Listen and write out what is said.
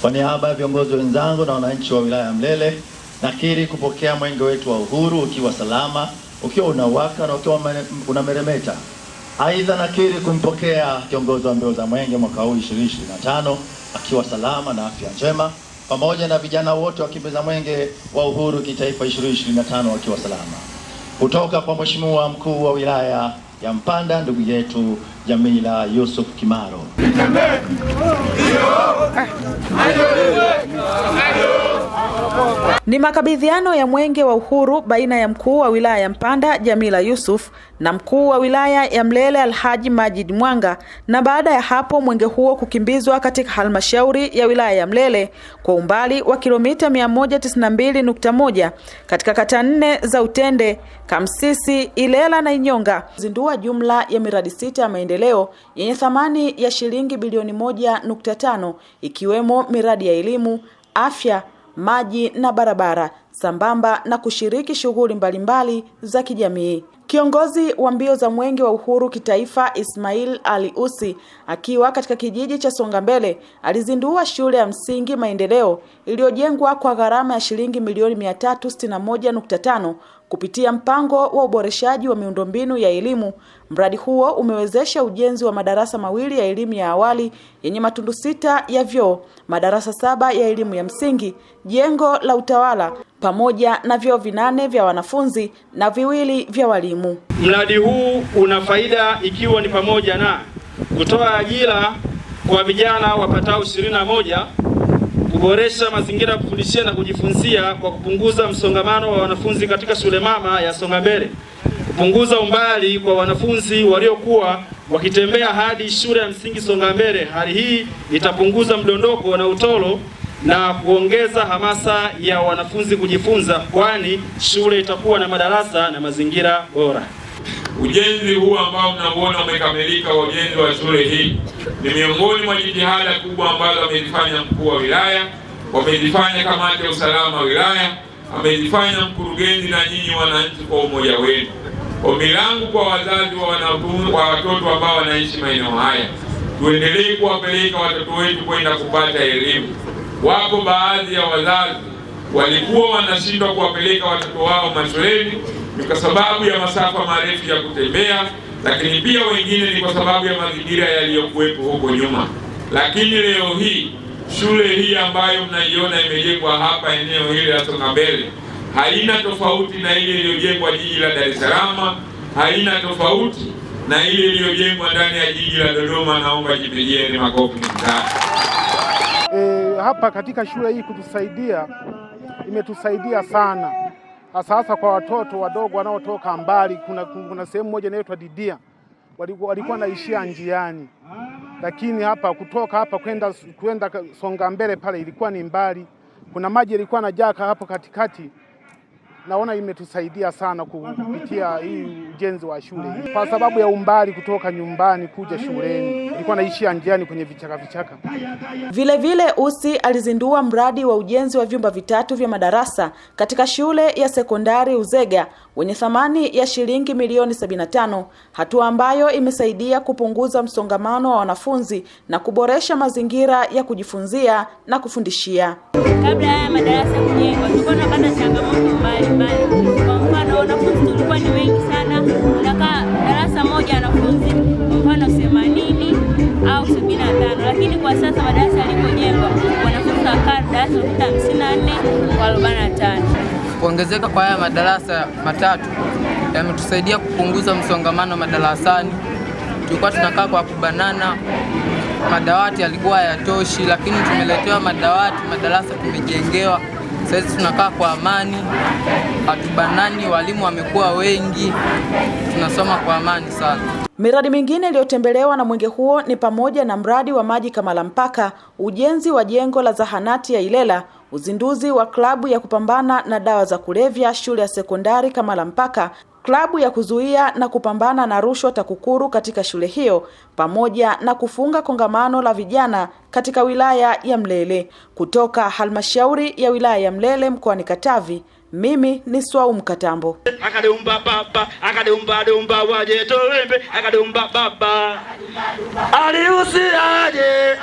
Kwa niaba ya viongozi wenzangu na wananchi wa wilaya ya Mlele, nakiri kupokea mwenge wetu wa uhuru ukiwa salama, ukiwa unawaka na ukiwa unameremeta. Aidha, nakiri kumpokea kiongozi wa mbio za mwenge mwaka huu 2025 akiwa salama na afya njema, pamoja na vijana wote wakimbiza mwenge wa uhuru kitaifa 2025 wakiwa salama, kutoka kwa Mheshimiwa mkuu wa wilaya ya Mpanda ndugu yetu Jamila Yusuf Kimaro. Ni makabidhiano ya Mwenge wa Uhuru baina ya mkuu wa wilaya ya Mpanda Jamila Yusuf na mkuu wa wilaya ya Mlele Alhaji Majid Mwanga, na baada ya hapo mwenge huo kukimbizwa katika halmashauri ya wilaya ya Mlele kwa umbali wa kilomita 192.1 katika kata nne za Utende, Kamsisi, Ilela na Inyonga, zindua jumla ya miradi sita ya maendeleo yenye thamani ya shilingi bilioni 1.5 ikiwemo miradi ya elimu, afya maji na barabara sambamba na kushiriki shughuli mbalimbali za kijamii. Kiongozi wa mbio za Mwenge wa Uhuru kitaifa Ismail Ali Usi akiwa katika kijiji cha Songambele alizindua shule ya msingi Maendeleo iliyojengwa kwa gharama ya shilingi milioni 361.5 kupitia mpango wa uboreshaji wa miundombinu ya elimu. Mradi huo umewezesha ujenzi wa madarasa mawili ya elimu ya awali yenye matundu sita ya vyoo, madarasa saba ya elimu ya msingi, jengo la utawala pamoja na vyoo vinane vya wanafunzi na viwili vya walimu. Mradi huu una faida ikiwa ni pamoja na kutoa ajira kwa vijana wapatao ishirini moja, kuboresha mazingira ya kufundishia na kujifunzia kwa kupunguza msongamano wa wanafunzi katika shule mama ya Songambele, kupunguza umbali kwa wanafunzi waliokuwa wakitembea hadi shule ya msingi Songambele. Hali hii itapunguza mdondoko na utoro na kuongeza hamasa ya wanafunzi kujifunza, kwani shule itakuwa na madarasa na mazingira bora. Ujenzi huu ambao mnauona umekamilika wa ujenzi wa shule hii ni miongoni mwa jitihada kubwa ambazo amezifanya mkuu wa wilaya, wamezifanya kamati ya usalama wa wilaya, amezifanya mkurugenzi na nyinyi wananchi kwa umoja wenu. Ombi langu kwa wazazi wa watoto ambao wanaishi maeneo haya, tuendelee kuwapeleka watoto wetu kwenda kupata elimu wapo baadhi ya wazazi walikuwa wanashindwa kuwapeleka watoto wao mashuleni ni kwa sababu ya masafa marefu ya kutembea, lakini pia wengine ni kwa sababu ya mazingira yaliyokuwepo huko nyuma. Lakini leo hii shule hii ambayo mnaiona imejengwa hapa eneo hili la Songambele haina tofauti na ile iliyojengwa jiji la Dar es Salaam, haina tofauti na ile iliyojengwa ndani ya jiji la Dodoma. Naomba jipigieni makofi mtaa hapa katika shule hii kutusaidia, imetusaidia sana, hasa hasa kwa watoto wadogo wanaotoka mbali. Kuna, kuna sehemu moja inaitwa Didia, walikuwa naishia njiani, lakini hapa kutoka hapa kwenda kwenda songa mbele pale ilikuwa ni mbali. Kuna maji ilikuwa na jaka hapo katikati. Naona imetusaidia sana kupitia hii ujenzi wa shule hii, kwa sababu ya umbali kutoka nyumbani kuja shuleni ilikuwa naishia njiani kwenye vichaka vichaka. Vilevile Ussi alizindua mradi wa ujenzi wa vyumba vitatu vya madarasa katika shule ya sekondari Uzega wenye thamani ya shilingi milioni 75, hatua ambayo imesaidia kupunguza msongamano wa wanafunzi na kuboresha mazingira ya kujifunzia na kufundishia. Kabla haya tano, lakini kwa sasa madarasa yalipojengwa wanafunzi wa darasa hupita hamsini na nne kwa arobaini na tano. Kuongezeka kwa haya madarasa matatu yametusaidia kupunguza msongamano madarasani. Tulikuwa tunakaa kwa kubanana, madawati yalikuwa hayatoshi, lakini tumeletewa madawati, madarasa tumejengewa sasa tunakaa kwa amani, hatubanani, walimu wamekuwa wengi, tunasoma kwa amani sana. Miradi mingine iliyotembelewa na mwenge huo ni pamoja na mradi wa maji Kamala Mpaka, ujenzi wa jengo la zahanati ya Ilela, uzinduzi wa klabu ya kupambana na dawa za kulevya shule ya sekondari la Mpaka, klabu ya kuzuia na kupambana na rushwa TAKUKURU katika shule hiyo, pamoja na kufunga kongamano la vijana katika wilaya ya Mlele. Kutoka halmashauri ya wilaya ya Mlele mkoani Katavi. Mimi ni Swau Mkatambo. Akadumba baba akadumba dumba waje toembe akadumba baba aliusiaje